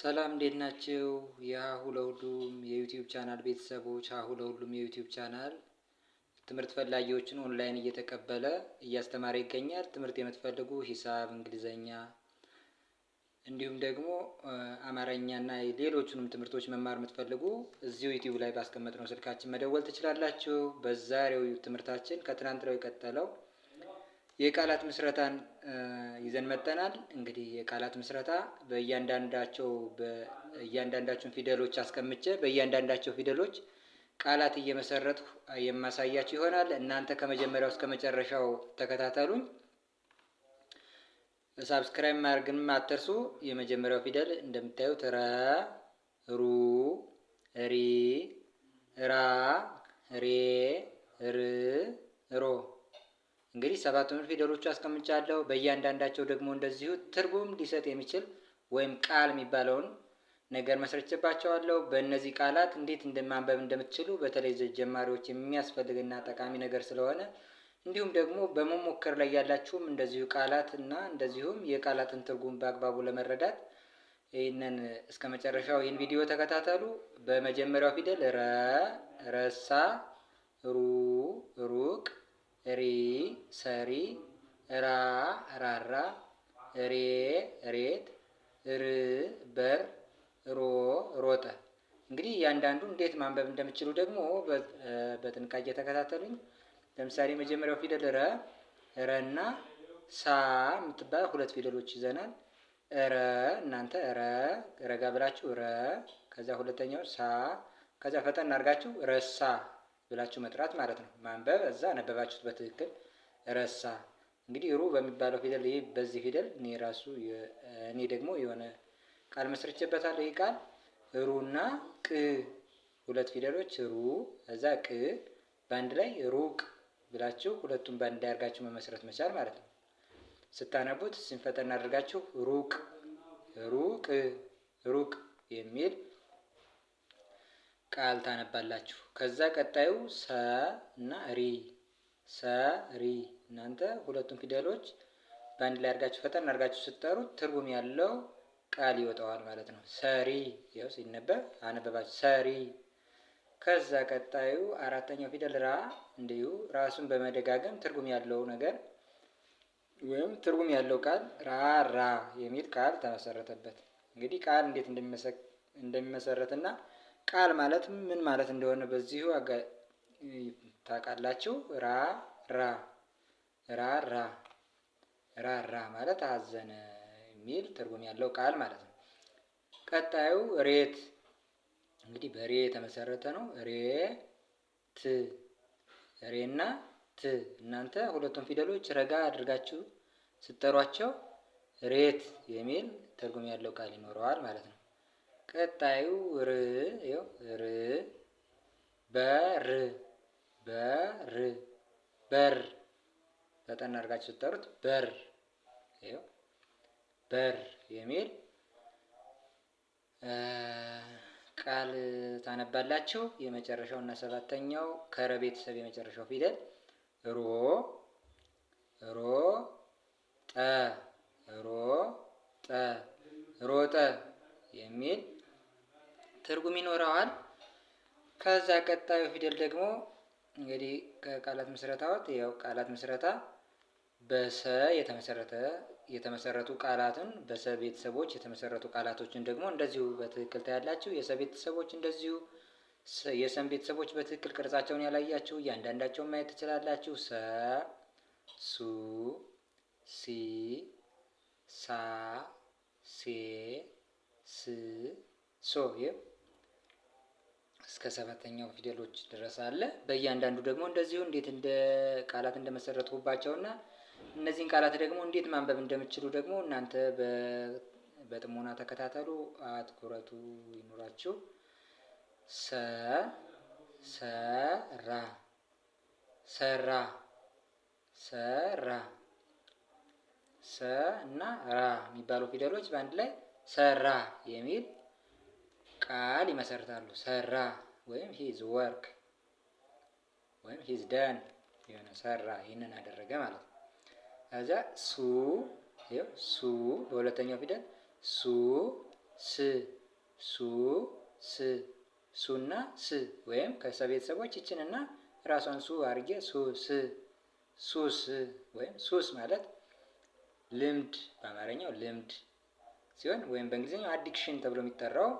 ሰላም እንዴት ናችሁ? የሀሁ ለሁሉም የዩቲዩብ ቻናል ቤተሰቦች፣ ሀሁ ለሁሉም የዩቲዩብ ቻናል ትምህርት ፈላጊዎችን ኦንላይን እየተቀበለ እያስተማረ ይገኛል። ትምህርት የምትፈልጉ ሂሳብ፣ እንግሊዘኛ እንዲሁም ደግሞ አማርኛ እና ሌሎቹንም ትምህርቶች መማር የምትፈልጉ እዚሁ ዩቲዩብ ላይ ባስቀመጥነው ስልካችን መደወል ትችላላችሁ። በዛሬው ትምህርታችን ከትናንት ነው የቀጠለው የቃላት ምስረታን ይዘን መጠናል። እንግዲህ የቃላት ምስረታ በእያንዳንዳቸው በእያንዳንዳቸውን ፊደሎች አስቀምጬ በእያንዳንዳቸው ፊደሎች ቃላት እየመሰረትኩ የማሳያችሁ ይሆናል። እናንተ ከመጀመሪያው እስከ መጨረሻው ተከታተሉኝ። ሳብስክራይብ ማድረግንም አትርሱ። የመጀመሪያው ፊደል እንደምታዩት ረ፣ ሩ፣ ሪ፣ ራ፣ ሬ፣ ር፣ ሮ እንግዲህ ሰባቱን ፊደሎቹ አስቀምጫለሁ። በእያንዳንዳቸው ደግሞ እንደዚሁ ትርጉም ሊሰጥ የሚችል ወይም ቃል የሚባለውን ነገር መስረችባቸዋለሁ። በእነዚህ ቃላት እንዴት እንደማንበብ እንደምትችሉ በተለይ ጀማሪዎች የሚያስፈልግና ጠቃሚ ነገር ስለሆነ እንዲሁም ደግሞ በመሞከር ላይ ያላችሁም እንደዚሁ ቃላት እና እንደዚሁም የቃላትን ትርጉም በአግባቡ ለመረዳት ይህንን እስከ መጨረሻው ይህን ቪዲዮ ተከታተሉ። በመጀመሪያው ፊደል ረ፣ ረሳ፣ ሩ፣ ሩቅ ሪ ሰሪ ራ ራራ ሬ ሬት ር በር ሮ ሮጠ። እንግዲህ እያንዳንዱ እንዴት ማንበብ እንደምችሉ ደግሞ በጥንቃቄ ተከታተሉኝ። ለምሳሌ የመጀመሪያው ፊደል ረ ረ እና ሳ የምትባል ሁለት ፊደሎች ይዘናል። ረ እናንተ ረ ረጋ ብላችሁ ረ ከዛ ሁለተኛው ሳ ከዛ ፈጠን አድርጋችሁ ረሳ ብላችሁ መጥራት ማለት ነው። ማንበብ እዛ አነበባችሁት በትክክል ረሳ። እንግዲህ ሩ በሚባለው ፊደል ይህ በዚህ ፊደል እኔ ራሱ እኔ ደግሞ የሆነ ቃል መስርቼበታለሁ። ይህ ቃል ሩና ቅ ሁለት ፊደሎች ሩ እዛ ቅ በአንድ ላይ ሩቅ ብላችሁ ሁለቱም በአንድ ላይ አድርጋችሁ መመስረት መቻል ማለት ነው። ስታነቡት ሲንፈተና አድርጋችሁ ሩቅ ሩቅ ሩቅ የሚል ቃል ታነባላችሁ። ከዛ ቀጣዩ ሰ እና ሪ ሰ ሪ። እናንተ ሁለቱም ፊደሎች በአንድ ላይ አድርጋችሁ ፈጠን አድርጋችሁ ስትጠሩት ትርጉም ያለው ቃል ይወጣዋል ማለት ነው። ሰሪ ይኸው ሲነበብ አነበባችሁ ሰሪ። ከዛ ቀጣዩ አራተኛው ፊደል ራ እንዲሁ ራሱን በመደጋገም ትርጉም ያለው ነገር ወይም ትርጉም ያለው ቃል ራራ የሚል ቃል ተመሰረተበት። እንግዲህ ቃል እንዴት እንደሚመሰረትና ቃል ማለት ምን ማለት እንደሆነ በዚሁ ታውቃላችሁ። ራ ራ ራ ራ ራ ራ ማለት አዘነ የሚል ትርጉም ያለው ቃል ማለት ነው። ቀጣዩ ሬት እንግዲህ በሬ የተመሰረተ ነው። ሬ ት ሬ እና ት እናንተ ሁለቱም ፊደሎች ረጋ አድርጋችሁ ስጠሯቸው ሬት የሚል ትርጉም ያለው ቃል ይኖረዋል ማለት ነው። ቀጣዩ ር ር በር በር በር ፈጠን አድርጋችሁ ስጠሩት በር በር የሚል ቃል ታነባላችሁ። የመጨረሻው እና ሰባተኛው ከረ ቤተሰብ የመጨረሻው ፊደል ሮ ሮ ጠ ሮ ጠ ሮጠ የሚል ትርጉም ይኖረዋል። ከዛ ቀጣዩ ፊደል ደግሞ እንግዲህ ከቃላት ምስረታዎች ያው ቃላት ምስረታ በሰ የተመሰረተ የተመሰረቱ ቃላትን በሰ ቤተሰቦች የተመሰረቱ ቃላቶችን ደግሞ እንደዚሁ በትክክል ታያላችሁ። የሰ ቤተሰቦች እንደዚሁ የሰን ቤተሰቦች በትክክል ቅርጻቸውን ያላያችሁ እያንዳንዳቸውን ማየት ትችላላችሁ። ሰ፣ ሱ፣ ሲ፣ ሳ፣ ሴ፣ ስ፣ ሶ ይህ እስከ ሰባተኛው ፊደሎች ድረስ አለ። በእያንዳንዱ ደግሞ እንደዚሁ እንዴት እንደ ቃላት እንደመሰረትኩባቸውና እነዚህን ቃላት ደግሞ እንዴት ማንበብ እንደምችሉ ደግሞ እናንተ በጥሞና ተከታተሉ፣ አትኩረቱ ይኑራችሁ። ሰ ሰራ ሰራ ሰራ ሰ እና ራ የሚባሉ ፊደሎች በአንድ ላይ ሰራ የሚል ቃል ይመሰርታሉ። ሰራ ወይም ሂዝ ወርክ ወይም ሂዝ ደን የሆነ ሰራ ይህንን አደረገ ማለት ነው። ከዚያ ሱ ሱ በሁለተኛው ፊደል ሱ ስ ሱ ስ ሱና ስ ወይም ከሰ ቤተሰቦች ይችንና ራሷን ሱ አድርጌ ሱ ስ ሱስ ወይም ሱስ ማለት ልምድ በአማርኛው ልምድ ሲሆን ወይም በእንግሊዝኛው አዲክሽን ተብሎ የሚጠራው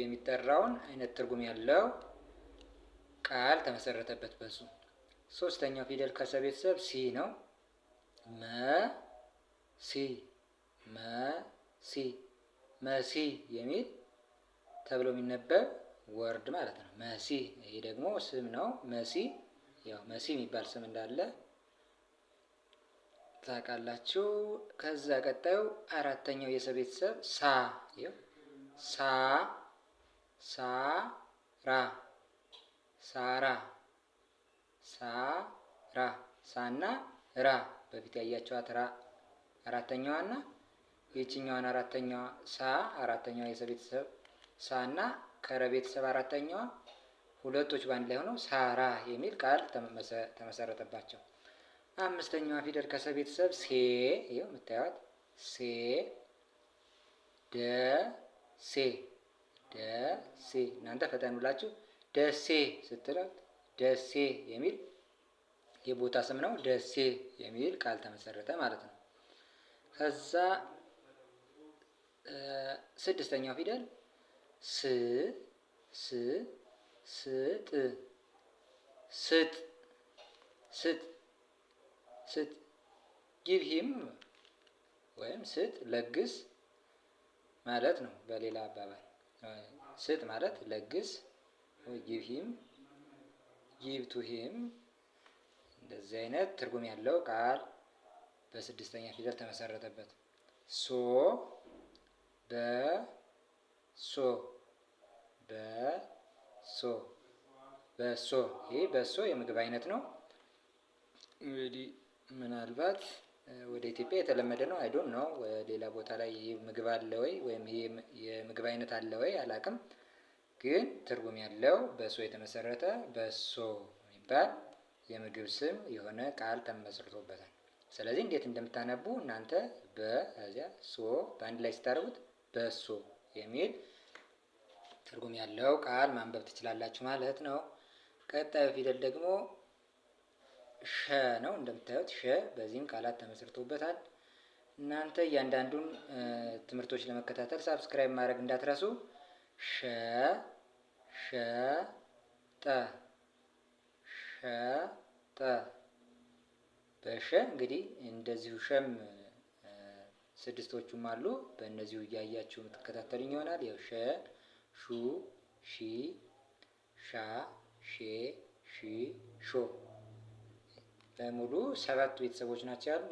የሚጠራውን አይነት ትርጉም ያለው ቃል ተመሰረተበት በሱ። ሶስተኛው ፊደል ከሰ ቤተሰብ ሲ ነው። መ ሲ መ ሲ መሲ የሚል ተብሎ የሚነበብ ወርድ ማለት ነው። መሲ ይሄ ደግሞ ስም ነው። መሲ ያው መሲ የሚባል ስም እንዳለ ታውቃላችሁ። ከዛ ቀጣዩ አራተኛው የሰ ቤተሰብ ሳ ሳ ሳራ ሳራ ሳራ ሳና ራ በፊት ያያቸዋት ራ አራተኛዋና የችኛዋን አራተኛዋ ሳ አራተኛዋ የሰ ቤተሰብ ሳና ከረ ቤተሰብ አራተኛዋ ሁለቶች በአንድ ላይ ሆነው ሳራ የሚል ቃል ተመሰረተባቸው። አምስተኛዋ ፊደል ከሰ ቤተሰብ ሴ ይኸው የምታዩት ሴ ደ ሴ ሴ እናንተ ፈጠን ብላችሁ ደሴ ስትላት ደሴ የሚል የቦታ ስም ነው። ደሴ የሚል ቃል ተመሰረተ ማለት ነው። ከዛ ስድስተኛው ፊደል ስ ስ ስጥ ስጥ ስጥ ስጥ ጊቭ ሂም ወይም ስጥ ለግስ ማለት ነው። በሌላ አባባል ስጥ ማለት ለግስ፣ ወጊብሂም ይብቱሂም እንደዚህ አይነት ትርጉም ያለው ቃል በስድስተኛ ፊደል ተመሰረተበት። ሶ በሶ ሶ በሶ ይህ በሶ የምግብ አይነት ነው። እንግዲህ ምናልባት ወደ ኢትዮጵያ የተለመደ ነው። አይዶን ነው ሌላ ቦታ ላይ ይህ ምግብ አለ ወይ ወይም ይህ የምግብ አይነት አለ ወይ አላቅም። ግን ትርጉም ያለው በሶ የተመሰረተ በሶ የሚባል የምግብ ስም የሆነ ቃል ተመስርቶበታል። ስለዚህ እንዴት እንደምታነቡ እናንተ በዚያ ሶ በአንድ ላይ ስታደርጉት በሶ የሚል ትርጉም ያለው ቃል ማንበብ ትችላላችሁ ማለት ነው። ቀጣዩ ፊደል ደግሞ ሸ ነው እንደምታዩት ሸ። በዚህም ቃላት ተመስርቶበታል። እናንተ እያንዳንዱን ትምህርቶች ለመከታተል ሳብስክራይብ ማድረግ እንዳትረሱ። ሸ ሸ ጠ ሸ ጠ በሸ እንግዲህ እንደዚሁ ሸም ስድስቶቹም አሉ። በእነዚሁ እያያችሁ የምትከታተሉኝ ይሆናል። ያው ሸ ሹ ሺ ሻ ሼ ሺ ሾ በሙሉ ሰባት ቤተሰቦች ናቸው ያሉ።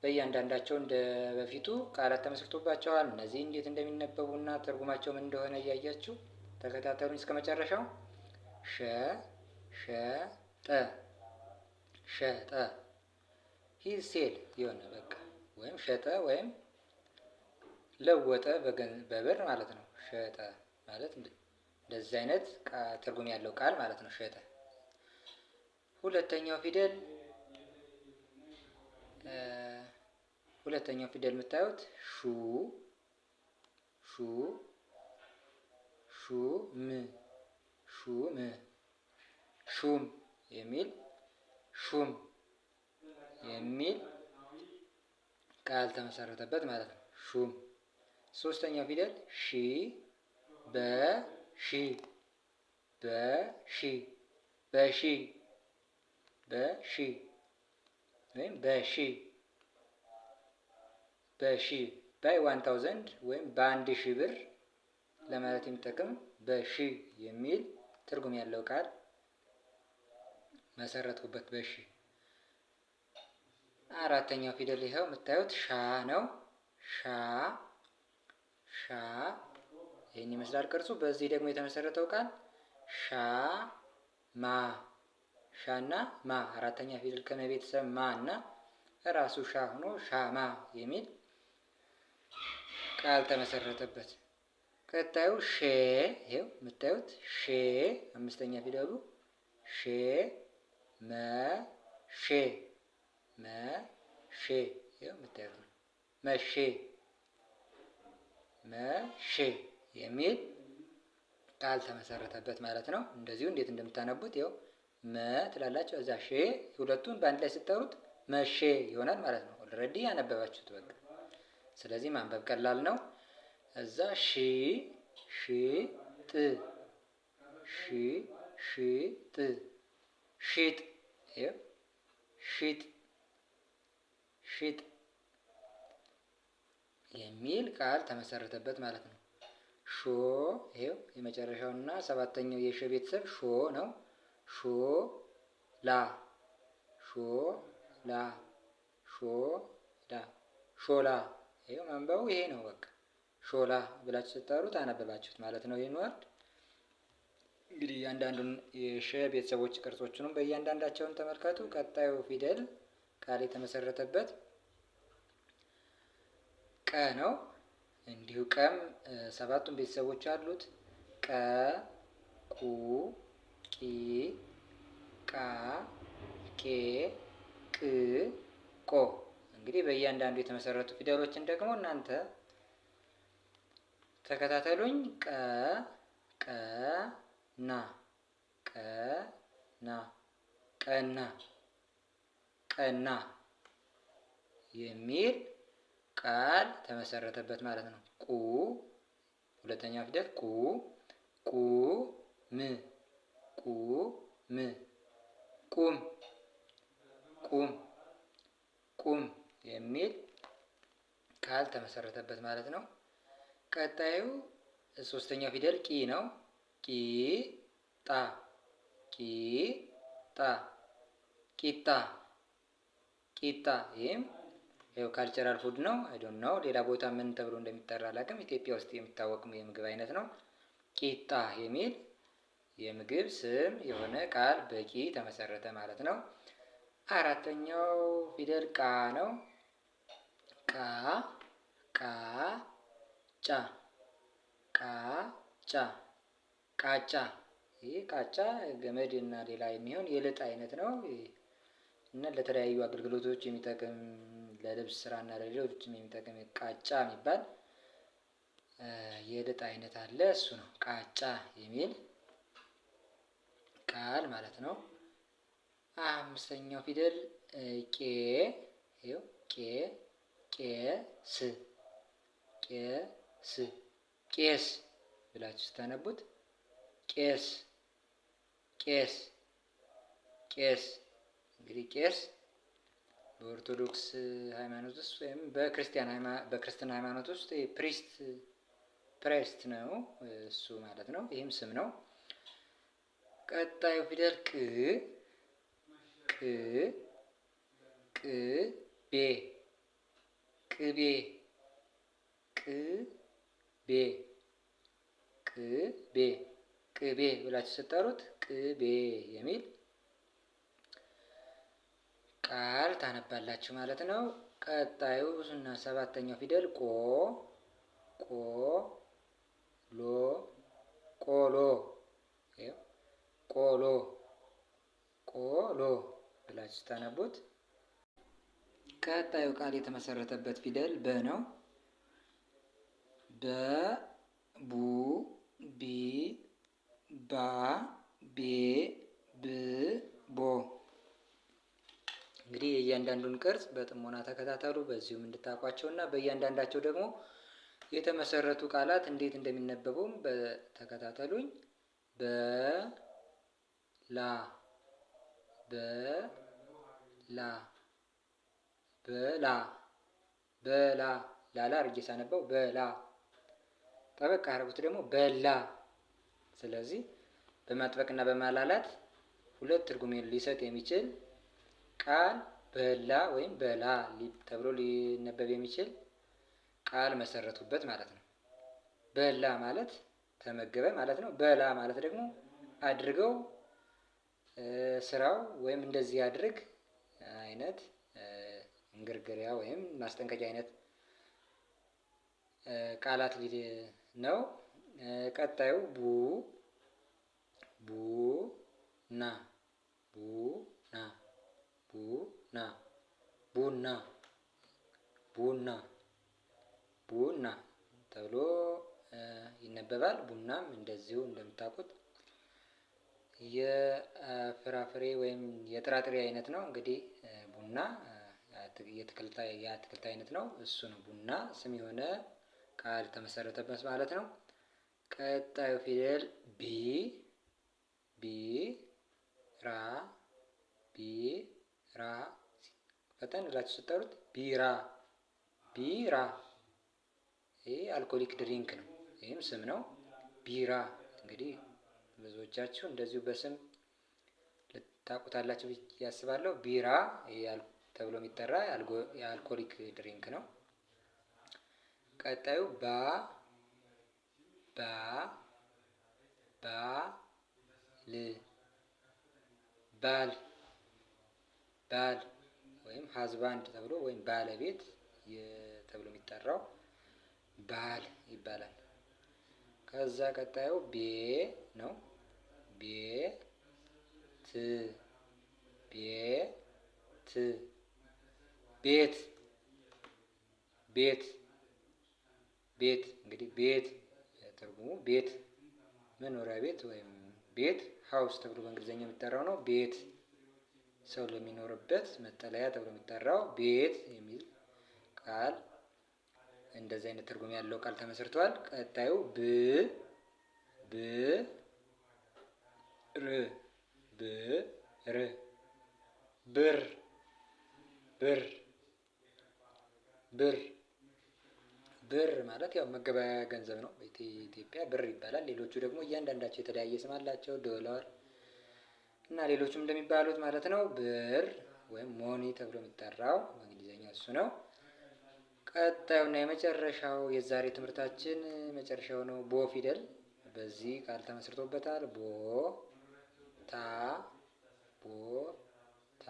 በእያንዳንዳቸው እንደ በፊቱ ቃላት ተመስርቶባቸዋል። እነዚህ እንዴት እንደሚነበቡና ትርጉማቸው ምን እንደሆነ እያያችሁ ተከታተሉኝ እስከ መጨረሻው። ሸ ሸጠ ሸጠ ሂሴል የሆነ በቃ ወይም ሸጠ ወይም ለወጠ በብር ማለት ነው። ሸጠ ማለት እንደዚህ አይነት ትርጉም ያለው ቃል ማለት ነው። ሸጠ ሁለተኛው ፊደል ሁለተኛው ፊደል የምታዩት ሹ ሹ ሹም ሹም ሹም የሚል ሹም የሚል ቃል ተመሰረተበት ማለት ነው። ሹም ሶስተኛው ፊደል ሺ በሺ በሺ በሺ በሺ ወይም በሺ በሺ ባይ ዋን ታውዘንድ ወይም በአንድ ሺህ ብር ለማለት የሚጠቅም በሺ የሚል ትርጉም ያለው ቃል መሰረትኩበት በሺ። አራተኛው ፊደል ይኸው የምታዩት ሻ ነው። ሻ ሻ ይህን ይመስላል ቅርጹ። በዚህ ደግሞ የተመሰረተው ቃል ሻማ ሻና ማ አራተኛ ፊደል ከነቤተሰብ ማ እና ራሱ ሻ ሆኖ ሻማ የሚል ቃል ተመሰረተበት። ቀጣዩ ሼ ይኸው የምታዩት ሼ አምስተኛ ፊደሉ ሼ መ ሼ መ ሼ ይኸው የምታዩት ነው። መሼ መሼ የሚል ቃል ተመሰረተበት ማለት ነው። እንደዚሁ እንዴት እንደምታነቡት ይኸው መ ትላላችሁ። እዛ ሼ ሁለቱን በአንድ ላይ ስጠሩት መሼ ይሆናል ማለት ነው። ኦልሬዲ ያነበባችሁት በቃ። ስለዚህ ማንበብ ቀላል ነው። እዛ ሺ ሺ ጥ ሺ ሺ ጥ ሺጥ ሺጥ ሺጥ የሚል ቃል ተመሰረተበት ማለት ነው። ሾ ይሄው እና ሰባተኛው የሸ ቤተሰብ ሾ ነው። ሾላ ሾላ ሾላ ሾላ ይሄው ማንበቡ ይሄ ነው። በቃ ሾላ ብላችሁ ስጠሩት አነበባችሁት ማለት ነው። ይህን ወርድ እንግዲህ እያንዳንዱን የሸ ቤተሰቦች ቅርጾቹንም በእያንዳንዳቸውን ተመልከቱ። ቀጣዩ ፊደል ቃል የተመሰረተበት ቀ ነው። እንዲሁ ቀም ሰባቱን ቤተሰቦች አሉት። ቀ ቁ ቂ ቄ፣ ቅ፣ ቆ። እንግዲህ በእያንዳንዱ የተመሰረቱ ፊደሎችን ደግሞ እናንተ ተከታተሉኝ። ቀ፣ ቀ፣ ና፣ ቀ፣ ና፣ ቀና፣ ቀና የሚል ቃል ተመሰረተበት ማለት ነው። ቁ ሁለተኛ ፊደል ቁ፣ ቁ፣ ም፣ ቁ፣ ም ቁም ቁም ቁም የሚል ቃል ተመሰረተበት ማለት ነው። ቀጣዩ ሶስተኛው ፊደል ቂ ነው። ቂ ጣ ቂ ጣ ቂጣ ቂጣ ይህም ያው ካልቸራል ፉድ ነው። አይዶን ነው ሌላ ቦታ ምን ተብሎ እንደሚጠራ አላውቅም። ኢትዮጵያ ውስጥ የሚታወቅ የምግብ አይነት ነው። ቂጣ የሚል የምግብ ስም የሆነ ቃል በቂ ተመሰረተ ማለት ነው። አራተኛው ፊደል ቃ ነው። ቃ ቃ ጫ ቃ ጫ ቃጫ። ይህ ቃጫ ገመድ እና ሌላ የሚሆን የልጥ አይነት ነው እና ለተለያዩ አገልግሎቶች የሚጠቅም ለልብስ ስራና ለሌሎችም የሚጠቅም ቃጫ የሚባል የልጥ አይነት አለ። እሱ ነው ቃጫ የሚል ቃል ማለት ነው። አምስተኛው ፊደል ቄ ይኸው ቄ ቄስ ቄስ ቄስ ብላችሁ ስታነቡት ቄስ ቄስ ቄስ እንግዲህ ቄስ በኦርቶዶክስ ሃይማኖት ውስጥ ወይም በክርስቲያን በክርስትና ሃይማኖት ውስጥ ፕሪስት ፕሬስት ነው እሱ ማለት ነው። ይህም ስም ነው። ቀጣዩ ፊደል ቅ ቅ ቅቤ ቅቤ ቅቤ ቅቤ ቅቤ ብላችሁ ስጠሩት ቅቤ የሚል ቃል ታነባላችሁ ማለት ነው። ቀጣዩ እና ሰባተኛው ፊደል ቆ ቆ ሎ ቆሎ ቆሎ ቆሎ ብላችሁ ስታነቡት ቀጣዩ ቃል የተመሰረተበት ፊደል በ ነው። በ ቡ ቢ ባ ቤ ብ ቦ። እንግዲህ የእያንዳንዱን ቅርጽ በጥሞና ተከታተሉ። በዚሁም እንድታውቋቸው እና በእያንዳንዳቸው ደግሞ የተመሰረቱ ቃላት እንዴት እንደሚነበቡም በተከታተሉኝ በ ላ በላ በላ በላ ላላ አድርጌ ሳነበው በላ ጠበቅ አደረጉት ደግሞ በላ። ስለዚህ በማጥበቅና በማላላት ሁለት ትርጉም ሊሰጥ የሚችል ቃል በላ ወይም በላ ተብሎ ሊነበብ የሚችል ቃል መሰረቱበት ማለት ነው። በላ ማለት ተመገበ ማለት ነው። በላ ማለት ደግሞ አድርገው ስራው ወይም እንደዚህ ያድርግ አይነት እንግርግሪያ ወይም ማስጠንቀቂያ አይነት ቃላት ነው። ቀጣዩ ቡ ቡ ና ቡ ና ቡ ና ቡና ቡና ቡና ተብሎ ይነበባል። ቡናም እንደዚሁ እንደምታውቁት የፍራፍሬ ወይም የጥራጥሬ አይነት ነው። እንግዲህ ቡና የአትክልት አይነት ነው። እሱ ነው ቡና ስም የሆነ ቃል ተመሰረተበት ማለት ነው። ቀጣዩ ፊደል ቢ ቢ ራ ቢ ራ ፈጠን ብላችሁ ስጠሩት ቢራ ቢራ። ይህ አልኮሊክ ድሪንክ ነው። ይህም ስም ነው። ቢራ እንግዲህ ብዙዎቻችሁ እንደዚሁ በስም ልታውቁታላችሁ ያስባለሁ። ቢራ ተብሎ የሚጠራ የአልኮሊክ ድሪንክ ነው። ቀጣዩ ባ ባ ባ ል ባል ባል ወይም ሀዝባንድ ተብሎ ወይም ባለቤት ተብሎ የሚጠራው ባል ይባላል። ከዛ ቀጣዩ ቤ ነው። ቤት ቤት ቤት ቤት እንግዲህ ቤት ትርጉሙ ቤት መኖሪያ ቤት ወይም ቤት ሀውስ ተብሎ በእንግሊዝኛ የሚጠራው ነው። ቤት ሰው ለሚኖርበት መጠለያ ተብሎ የሚጠራው ቤት የሚል ቃል እንደዚህ አይነት ትርጉም ያለው ቃል ተመስርቷል። ቀጣዩ ብ ብ ር ብር ብር ብር ብር ብር ማለት ያው መገበያያ ገንዘብ ነው። በኢትዮጵያ ብር ይባላል። ሌሎቹ ደግሞ እያንዳንዳቸው የተለያየ ስም አላቸው። ዶላር እና ሌሎቹም እንደሚባሉት ማለት ነው። ብር ወይም ሞኒ ተብሎ የሚጠራው በእንግሊዝኛ እሱ ነው። ቀጣዩና የመጨረሻው የዛሬ ትምህርታችን መጨረሻው ነው። ቦ ፊደል በዚህ ቃል ተመስርቶበታል። ቦ ታ ቦ ታ